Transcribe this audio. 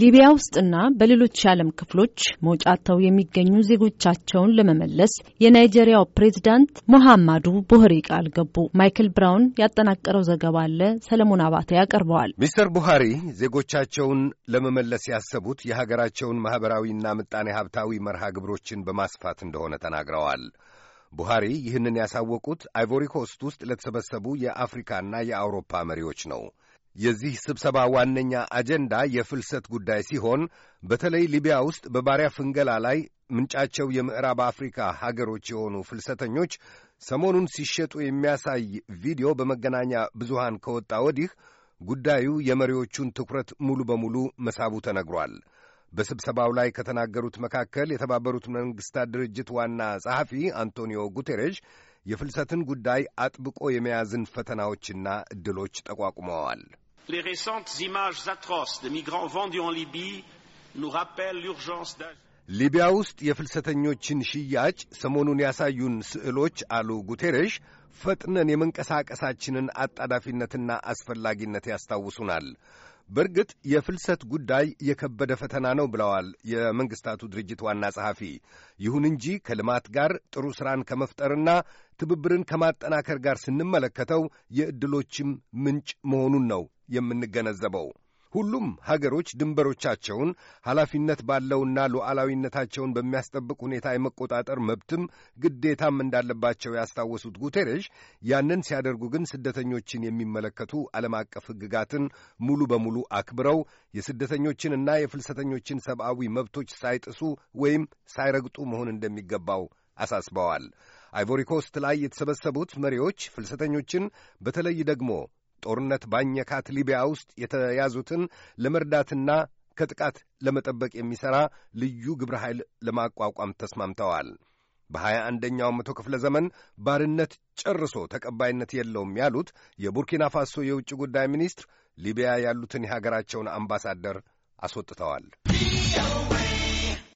ሊቢያ ውስጥና በሌሎች የዓለም ክፍሎች መውጫተው የሚገኙ ዜጎቻቸውን ለመመለስ የናይጄሪያው ፕሬዚዳንት ሞሐማዱ ቡሃሪ ቃል ገቡ። ማይክል ብራውን ያጠናቀረው ዘገባ አለ፣ ሰለሞን አባተ ያቀርበዋል። ሚስተር ቡሃሪ ዜጎቻቸውን ለመመለስ ያሰቡት የሀገራቸውን ማኅበራዊና ምጣኔ ሀብታዊ መርሃ ግብሮችን በማስፋት እንደሆነ ተናግረዋል። ቡሃሪ ይህንን ያሳወቁት አይቮሪኮስት ውስጥ ለተሰበሰቡ የአፍሪካና የአውሮፓ መሪዎች ነው። የዚህ ስብሰባ ዋነኛ አጀንዳ የፍልሰት ጉዳይ ሲሆን በተለይ ሊቢያ ውስጥ በባሪያ ፍንገላ ላይ ምንጫቸው የምዕራብ አፍሪካ ሀገሮች የሆኑ ፍልሰተኞች ሰሞኑን ሲሸጡ የሚያሳይ ቪዲዮ በመገናኛ ብዙሃን ከወጣ ወዲህ ጉዳዩ የመሪዎቹን ትኩረት ሙሉ በሙሉ መሳቡ ተነግሯል። በስብሰባው ላይ ከተናገሩት መካከል የተባበሩት መንግሥታት ድርጅት ዋና ጸሐፊ አንቶኒዮ ጉቴሬሽ የፍልሰትን ጉዳይ አጥብቆ የመያዝን ፈተናዎችና ዕድሎች ጠቋቁመዋል። ሊቢያ ውስጥ የፍልሰተኞችን ሽያጭ ሰሞኑን ያሳዩን ስዕሎች፣ አሉ ጉቴሬሽ፣ ፈጥነን የመንቀሳቀሳችንን አጣዳፊነትና አስፈላጊነት ያስታውሱናል። በእርግጥ የፍልሰት ጉዳይ የከበደ ፈተና ነው ብለዋል የመንግሥታቱ ድርጅት ዋና ጸሐፊ። ይሁን እንጂ ከልማት ጋር ጥሩ ሥራን ከመፍጠርና ትብብርን ከማጠናከር ጋር ስንመለከተው የዕድሎችም ምንጭ መሆኑን ነው የምንገነዘበው። ሁሉም ሀገሮች ድንበሮቻቸውን ኃላፊነት ባለውና ሉዓላዊነታቸውን በሚያስጠብቅ ሁኔታ የመቆጣጠር መብትም ግዴታም እንዳለባቸው ያስታወሱት ጉቴሬሽ ያንን ሲያደርጉ ግን ስደተኞችን የሚመለከቱ ዓለም አቀፍ ሕግጋትን ሙሉ በሙሉ አክብረው የስደተኞችንና የፍልሰተኞችን ሰብአዊ መብቶች ሳይጥሱ ወይም ሳይረግጡ መሆን እንደሚገባው አሳስበዋል። አይቮሪኮስት ላይ የተሰበሰቡት መሪዎች ፍልሰተኞችን በተለይ ደግሞ ጦርነት ባኘካት ሊቢያ ውስጥ የተያዙትን ለመርዳትና ከጥቃት ለመጠበቅ የሚሠራ ልዩ ግብረ ኃይል ለማቋቋም ተስማምተዋል። በሀያ አንደኛው መቶ ክፍለ ዘመን ባርነት ጨርሶ ተቀባይነት የለውም ያሉት የቡርኪና ፋሶ የውጭ ጉዳይ ሚኒስትር ሊቢያ ያሉትን የሀገራቸውን አምባሳደር አስወጥተዋል።